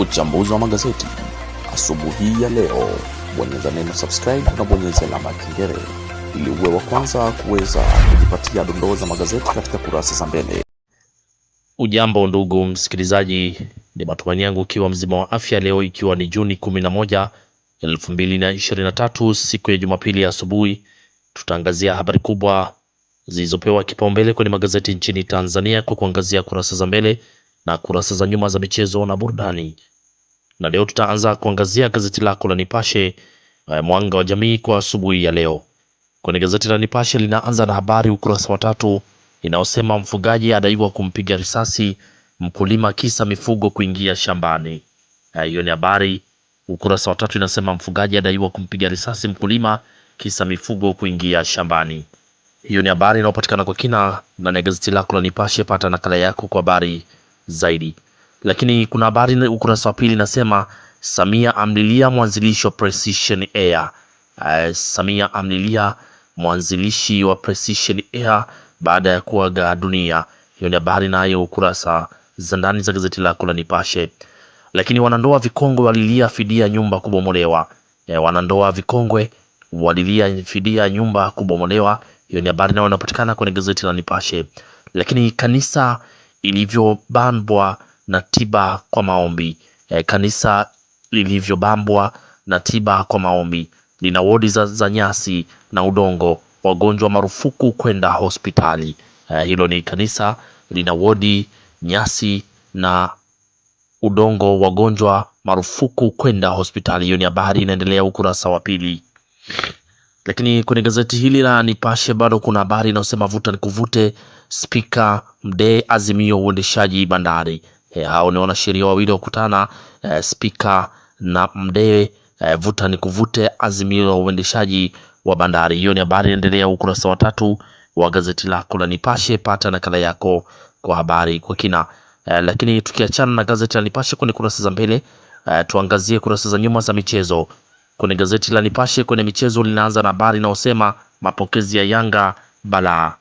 Uchambuzi wa magazeti asubuhi ya leo, bonyeza neno subscribe na bonyeza alama ya kengele ili uwe wa kwanza kuweza kujipatia dondoo za magazeti katika kurasa za mbele. Ujambo ndugu msikilizaji, ni matumaini yangu ukiwa mzima wa afya leo, ikiwa ni Juni 11 2023, siku ya Jumapili asubuhi. Tutaangazia habari kubwa zilizopewa kipaumbele kwenye magazeti nchini Tanzania kwa kuangazia kurasa za mbele na kurasa za nyuma za michezo na burudani na leo tutaanza kuangazia gazeti lako la Nipashe eh, mwanga wa jamii kwa asubuhi ya leo. Kwenye gazeti la Nipashe linaanza na habari ukurasa wa tatu inayosema mfugaji adaiwa kumpiga risasi mkulima kisa mifugo kuingia shambani. Eh, hiyo ni habari ukurasa wa tatu inasema mfugaji adaiwa kumpiga risasi mkulima kisa mifugo kuingia shambani. Hiyo ni habari inayopatikana kwa kina ndani ya gazeti lako la Nipashe. Pata nakala yako kwa habari zaidi. Lakini kuna habari ukurasa wa pili inasema Samia amlilia mwanzilishi wa Precision Air. Uh, Samia amlilia mwanzilishi wa Precision Air baada ya kuaga dunia. Hiyo ni habari nayo ukurasa za ndani za gazeti lako la Nipashe. Lakini wanandoa vikongwe walilia fidia nyumba kubomolewa. Eh, wanandoa vikongwe walilia fidia nyumba kubomolewa. Hiyo ni habari nayo inapatikana kwenye gazeti la Nipashe. Lakini kanisa ilivyobambwa na tiba kwa maombi. E, kanisa lilivyobambwa na tiba kwa maombi. Lina wodi za nyasi na udongo, wagonjwa marufuku kwenda hospitali. E, hilo ni kanisa lina wodi, nyasi na udongo, wagonjwa marufuku kwenda hospitali. Hiyo ni habari inaendelea ukurasa wa pili. Lakini kwenye gazeti hili la Nipashe bado kuna habari inayosema vuta nikuvute, spika Mdee azimio uendeshaji bandari. E, hao ni wanasheria wawili wakutana, e, spika na Mdee, e, vuta ni kuvute azimio la uendeshaji wa bandari. Hiyo ni habari inaendelea ukurasa wa tatu wa gazeti lako la Nipashe. Pata nakala yako kwa habari kwa kina. e, lakini tukiachana na gazeti la Nipashe kwenye kurasa za mbele, e, tuangazie kurasa za nyuma za michezo kwenye gazeti la Nipashe. Kwenye michezo linaanza na habari inayosema mapokezi ya Yanga balaa,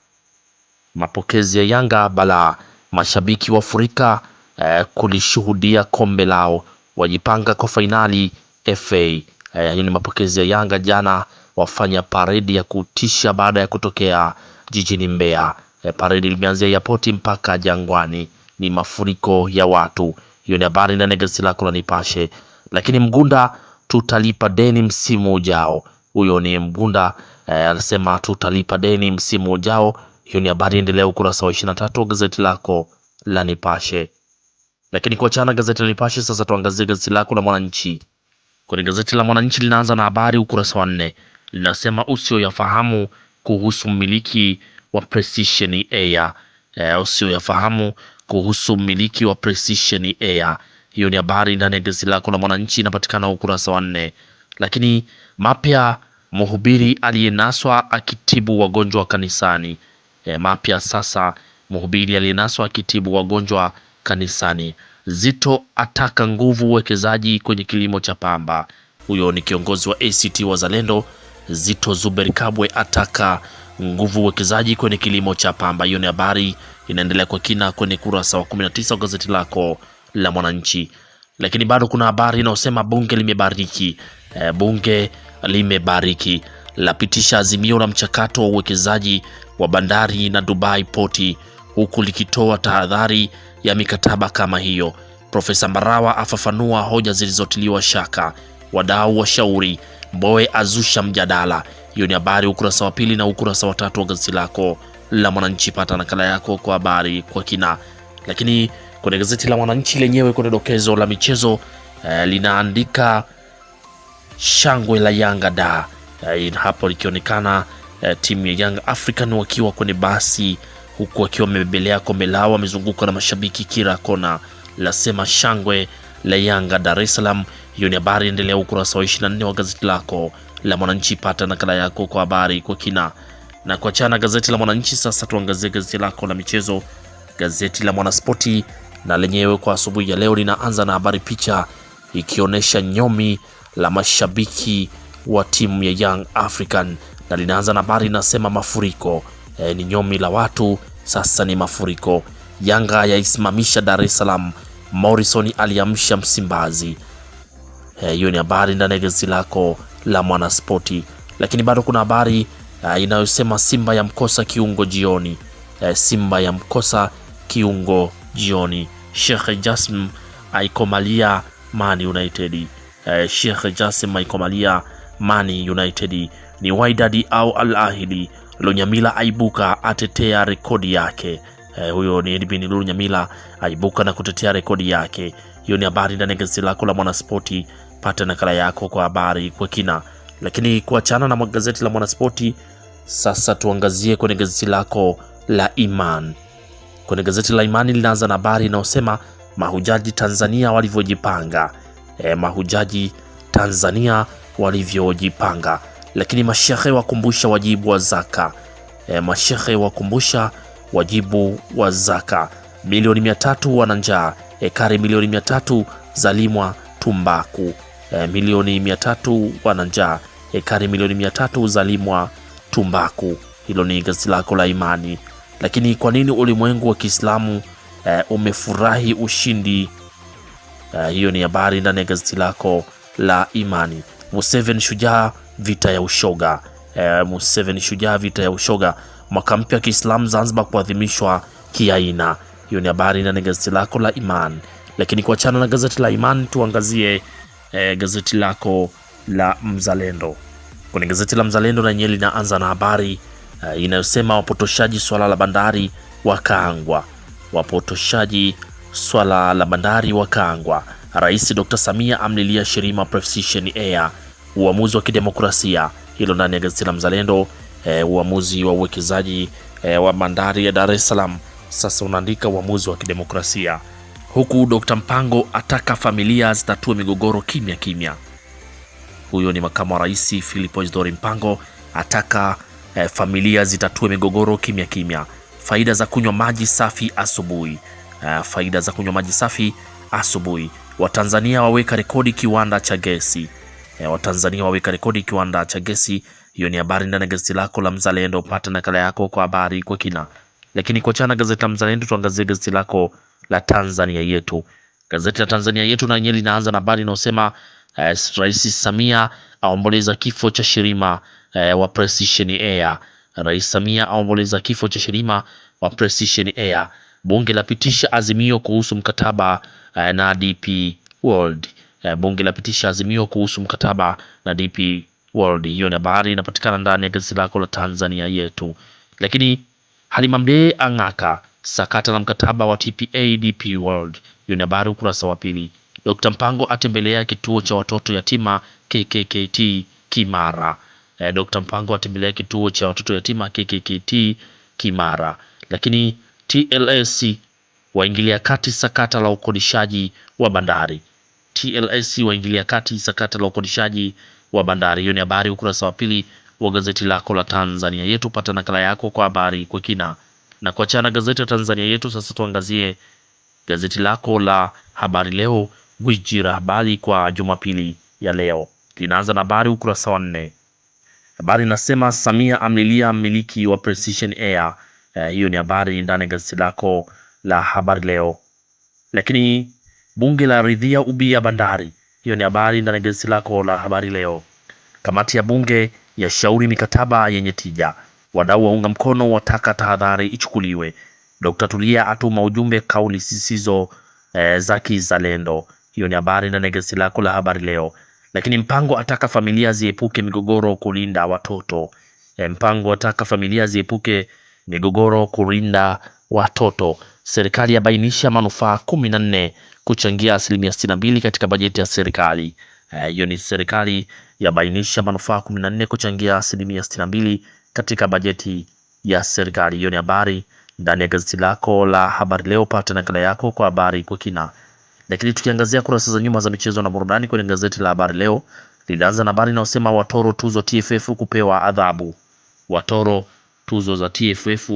mapokezi ya Yanga balaa, mashabiki wafurika eh, kulishuhudia kombe lao, wajipanga kwa fainali FA. Eh, hiyo ni mapokezi ya Yanga jana, wafanya paredi ya kutisha baada ya kutokea jijini Mbeya. Eh, Paredi limeanzia yapoti mpaka Jangwani, ni mafuriko ya watu. Hiyo ni habari ndani ya gazeti lako la Nipashe. Lakini Mgunda, tutalipa deni msimu ujao. Huyo ni Mgunda eh, anasema eh, tutalipa deni msimu ujao. Hiyo ni habari endelea ukurasa wa 23 gazeti lako la Nipashe. Lakini kuachana gazeti la Nipashe, sasa tuangazie gazeti lako la Mwananchi. Kwenye gazeti la Mwananchi linaanza na habari ukurasa wa nne, linasema usiyoyafahamu kuhusu mmiliki wa Precision Air. E, eh, usiyoyafahamu kuhusu mmiliki wa Precision Air. Hiyo ni habari ndani ya gazeti lako la Mwananchi, inapatikana ukurasa wa nne. Lakini mapya mhubiri aliyenaswa akitibu wagonjwa kanisani. E, mapya sasa mhubiri aliyenaswa akitibu wagonjwa kanisani. Zito ataka nguvu uwekezaji kwenye kilimo cha pamba. Huyo ni kiongozi wa ACT Wazalendo zito Zuberi Kabwe ataka nguvu uwekezaji kwenye kilimo cha pamba. Hiyo ni habari inaendelea kwa kina kwenye kurasa wa 19 wa gazeti lako la Mwananchi, lakini bado kuna habari inayosema bunge limebariki. E, bunge limebariki lapitisha azimio la mchakato wa uwekezaji wa bandari na Dubai poti huku likitoa tahadhari ya mikataba kama hiyo. Profesa Mbarawa afafanua hoja zilizotiliwa shaka, wadau washauri, Mbowe azusha mjadala. Hiyo ni habari ukurasa wa pili na ukurasa wa tatu wa gazeti lako la Mwananchi. Pata nakala yako kwa habari kwa kina. Lakini kwenye gazeti la Mwananchi lenyewe kuna dokezo la michezo eh, linaandika shangwe la Yanga da eh, hapo likionekana eh, timu ya Young African wakiwa kwenye basi huku akiwa mebebelea kombe lao, amezungukwa na mashabiki kila kona, lasema shangwe la Yanga Dar es Salaam. Hiyo ni habari, endelea ukurasa wa 24 wa gazeti lako la Mwananchi, pata nakala yako kwa habari kwa kina. Na kuachana gazeti la Mwananchi, sasa tuangazie gazeti lako la michezo, gazeti la Mwanaspoti na lenyewe kwa asubuhi ya leo linaanza na habari picha ikionyesha nyomi la mashabiki wa timu ya Young African na linaanza na habari inasema mafuriko. E, ni nyomi la watu sasa ni mafuriko. Yanga yaisimamisha Dar es Salaam, Morrison aliamsha Msimbazi. Eh, hiyo ni habari ndani ya gazeti lako la Mwanaspoti, lakini bado kuna habari uh, inayosema Simba ya mkosa kiungo jioni. Eh, Simba ya mkosa kiungo jioni. Sheikh Jasm aikomalia Man United. Uh, Sheikh Jasm aikomalia Man United ni Wydad au Al Ahli? Lunyamila aibuka atetea rekodi yake. Eh, huyo ni Edwin Lunyamila aibuka na kutetea rekodi yake. Hiyo ni habari ndani ya gazeti lako la Mwanaspoti. Pata nakala yako kwa habari kwa kina. Lakini kuachana na gazeti la Mwanaspoti, sasa tuangazie kwenye gazeti lako la Iman. Kwenye gazeti la Imani linaanza na habari inayosema mahujaji Tanzania walivyojipanga. E, mahujaji Tanzania walivyojipanga lakini mashehe wakumbusha wajibu wa zaka. E, mashehe wakumbusha wajibu wa zaka. Milioni mia tatu wana njaa. Ekari milioni mia tatu zalimwa tumbaku. E, milioni mia tatu wana njaa. Ekari milioni mia tatu zalimwa tumbaku. Hilo ni gazeti lako la Imani. Lakini kwa nini ulimwengu wa Kiislamu e, umefurahi ushindi? E, hiyo ni habari ndani ya gazeti lako la Imani. Museveni shujaa vita ya ushoga e, Museveni shujaa vita ya ushoga, mwaka mpya wa Kiislamu Zanzibar kuadhimishwa kiaina. Hiyo ni habari ndani gazeti lako la Iman, lakini kuachana na gazeti la Iman tuangazie e, gazeti lako la Mzalendo. Kwenye gazeti la Mzalendo na nyeli linaanza na habari e, inayosema wapotoshaji swala la bandari wakaangwa, wapotoshaji swala la bandari wakaangwa. Rais Dr. Samia amlilia Shirima Precision Air uamuzi wa kidemokrasia. Hilo ndani ya gazeti la Mzalendo. E, uamuzi wa uwekezaji e, wa bandari ya Dar es Salaam sasa unaandika uamuzi wa kidemokrasia, huku Dr. Mpango ataka familia zitatue migogoro kimya kimya. Huyo ni makamu wa rais Philip Isdori Mpango ataka e, familia zitatue migogoro kimya kimya. Faida za kunywa maji safi asubuhi. E, faida za kunywa maji safi asubuhi. Watanzania waweka rekodi kiwanda cha gesi e, Watanzania waweka rekodi kiwanda cha gesi. Hiyo ni habari ndani ya gazeti lako la Mzalendo, upate nakala yako kwa habari kwa kina. Lakini kuachana gazeti la Mzalendo, tuangazie gazeti lako la Tanzania Yetu. Gazeti la Tanzania Yetu na yenyewe linaanza na habari inayosema e, Rais Samia aomboleza kifo cha Shirima e, wa Precision Air. Rais Samia aomboleza kifo cha Shirima wa Precision Air. Bunge lapitisha azimio kuhusu mkataba eh, na DP World eh, bunge lapitisha azimio kuhusu mkataba na DP World. Hiyo ni habari inapatikana ndani ya gazeti lako la Tanzania Yetu. Lakini Halima Mdee ang'aka sakata na mkataba wa TPA DP World. Hiyo ni habari ukurasa wa pili. Dr. Mpango atembelea kituo cha watoto yatima KKKT Kimara. Eh, Dr. Mpango atembelea kituo cha watoto yatima KKKT Kimara. Lakini TLS waingilia kati sakata la ukodishaji wa bandari. TLS waingilia kati sakata la ukodishaji wa bandari. Hiyo ni habari ukurasa wa pili wa gazeti lako la Tanzania Yetu. Pata nakala yako kwa habari kwa kina. Na kuachana gazeti la Tanzania Yetu, sasa tuangazie gazeti lako la Habari Leo, gwiji la habari kwa Jumapili ya leo. Linaanza na habari ukurasa wa nne. Habari inasema Samia amlilia mmiliki wa Precision Air. Eh, hiyo ni habari ndani ya gazeti lako la Habari Leo, lakini Bunge laridhia ubia bandari. Hiyo ni habari ndani ya gazeti lako la habari leo. Kamati ya bunge yashauri mikataba yenye tija, wadau waunga mkono wataka tahadhari ichukuliwe. Dr. Tulia atuma ujumbe kauli zisizo e, eh, za kizalendo. Hiyo ni habari ndani ya gazeti lako la habari leo. Lakini Mpango ataka familia ziepuke migogoro kulinda watoto. E, Mpango ataka familia ziepuke migogoro kulinda watoto. Serikali yabainisha manufaa kumi na nne kuchangia asilimia sitini na mbili katika bajeti ya serikali. Eh, hiyo e, ni serikali yabainisha manufaa kumi na nne kuchangia asilimia sitini na mbili katika bajeti ya serikali. Hiyo ni habari ndani ya gazeti lako la habari leo, pata nakala yako kwa habari kwa kina. Lakini tukiangazia kurasa za nyuma za michezo na burudani kwenye gazeti la habari leo, linaanza na habari inayosema watoro tuzo TFF kupewa adhabu. Watoro tuzo za TFF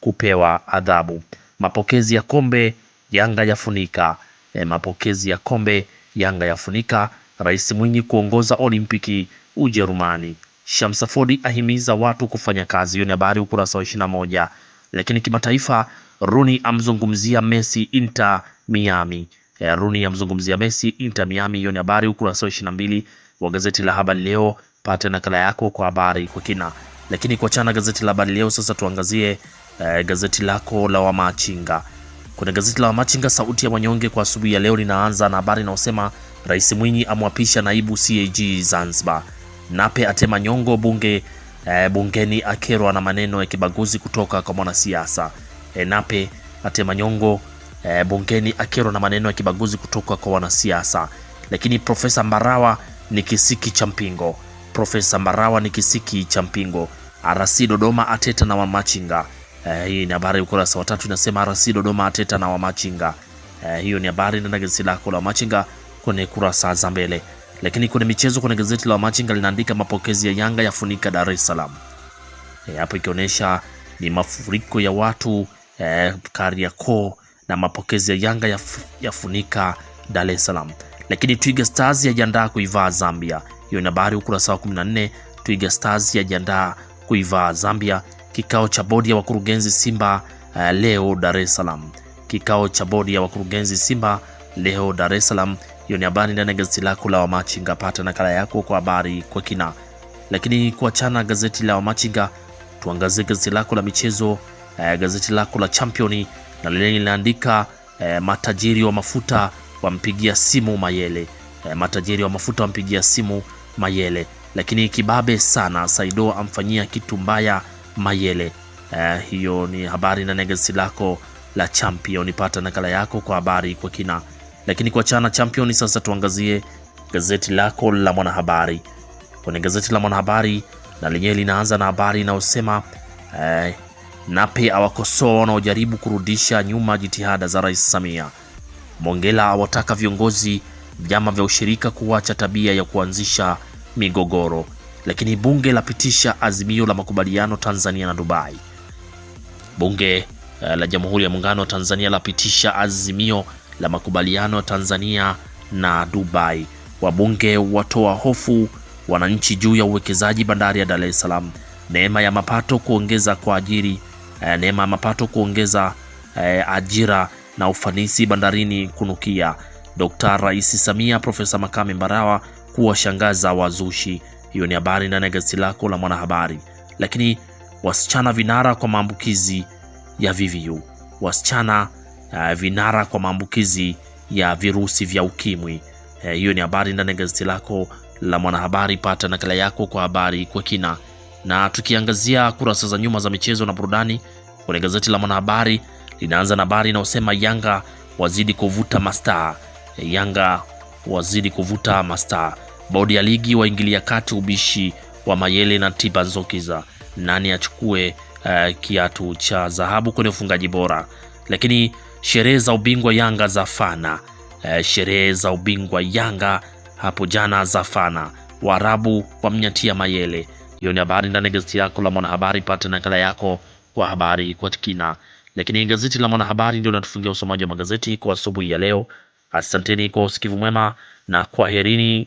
kupewa adhabu. Mapokezi ya kombe Yanga yafunika. E, mapokezi ya kombe Yanga yafunika. Rais Mwinyi kuongoza Olimpiki Ujerumani. Shamsafodi ahimiza watu kufanya kazi. Hiyo ni habari ukurasa wa moja. Lakini kimataifa, Runi amzungumzia Messi Inter Miami. E, Runi amzungumzia Messi Inter Miami. Hiyo ni habari ukurasa wa mbili wa gazeti la Habari Leo. Pata nakala yako kwa habari kwa kina. Lakini kuachana gazeti la Habari Leo, sasa tuangazie eh, gazeti lako la Wamachinga. Kuna gazeti la Wamachinga sauti ya wanyonge kwa asubuhi ya leo linaanza na habari inayosema Rais Mwinyi amwapisha naibu CAG Zanzibar. Nape atema nyongo bunge eh, bungeni akerwa na maneno ya kibaguzi kutoka kwa mwanasiasa. E, Nape atema nyongo eh, bungeni akerwa na maneno ya kibaguzi kutoka kwa wanasiasa. Lakini Profesa Mbarawa ni kisiki cha mpingo. Profesa Mbarawa ni kisiki cha mpingo. RC Dodoma ateta na Wamachinga. Eh, hii ni habari ya ukurasa wa tatu inasema RC Dodoma ateta na Wamachinga. Eh, hiyo ni habari ndani ya gazeti lako la Wamachinga kwenye kurasa za mbele. Lakini kwenye michezo kwenye gazeti la Wamachinga linaandika mapokezi ya Yanga yafunika Dar es Salaam. Eh, hapo ikionyesha ni mafuriko ya watu eh, Kariakoo na mapokezi ya Yanga yaf, yafunika Dar es Salaam. Lakini Twiga Stars yajiandaa kuivaa Zambia. Hiyo ni habari ukurasa wa 14. Twiga Stars yajiandaa kuivaa Zambia. Kikao cha bodi ya wakurugenzi Simba eh, leo Dar es Salaam. Kikao cha bodi ya wakurugenzi Simba leo Dar es Salaam. Hiyo ni habari ndani ya gazeti lako la Wamachinga, pata nakala yako kwa habari kwa kina. Lakini kuachana gazeti la Wamachinga, tuangazie gazeti lako la michezo eh, gazeti lako la Championi na lile linaandika eh, matajiri wa mafuta wampigia simu Mayele eh, matajiri wa mafuta wampigia simu Mayele. Lakini kibabe sana Saido amfanyia kitu mbaya Mayele. Eh, hiyo ni habari na gazeti lako la Champion. Pata nakala yako kwa habari kwa kina. Lakini chana Champion, sasa tuangazie gazeti lako la Mwanahabari. Kwenye gazeti la Mwanahabari na lenyewe linaanza na habari inayosema eh, Nape awakosoa wanaojaribu kurudisha nyuma jitihada za Rais Samia. Mongela awataka viongozi vyama vya ushirika kuacha tabia ya kuanzisha migogoro lakini bunge lapitisha azimio la makubaliano Tanzania na Dubai. Bunge eh, la Jamhuri ya Muungano wa Tanzania lapitisha azimio la makubaliano Tanzania na Dubai. Wabunge watoa hofu wananchi juu ya uwekezaji bandari ya Dar es Salaam. Neema ya mapato kuongeza kwa ajiri, eh, neema ya mapato kuongeza eh, ajira na ufanisi bandarini kunukia. Dkt. Rais Samia, Profesa Makame Mbarawa kuwashangaza wazushi. Hiyo ni habari ndani ya gazeti lako la Mwanahabari. Lakini wasichana vinara kwa maambukizi ya VVU, wasichana uh, vinara kwa maambukizi ya virusi vya ukimwi. Uh, hiyo ni habari ndani ya gazeti lako la Mwanahabari. Pata nakala yako kwa habari kwa kina. Na tukiangazia kurasa za nyuma za michezo na burudani kwenye gazeti la Mwanahabari, linaanza na habari inayosema Yanga wazidi kuvuta mastaa, eh, Yanga wazidi kuvuta mastaa Bodi ya ligi waingilia kati ubishi wa Mayele na Tiba Nzokiza, nani achukue uh, kiatu cha dhahabu kwenye ufungaji bora. Lakini sherehe za ubingwa Yanga za fana Uh, sherehe za ubingwa Yanga hapo jana za zafana, Waarabu wamnyatia Mayele. Hiyo ni habari ndani ya gazeti yako la Mwanahabari, pate nakala yako kwa habari kwa kina. Lakini gazeti la Mwanahabari ndio linatufungia usomaji wa magazeti kwa asubuhi ya leo. Asanteni kwa usikivu mwema na kwaherini.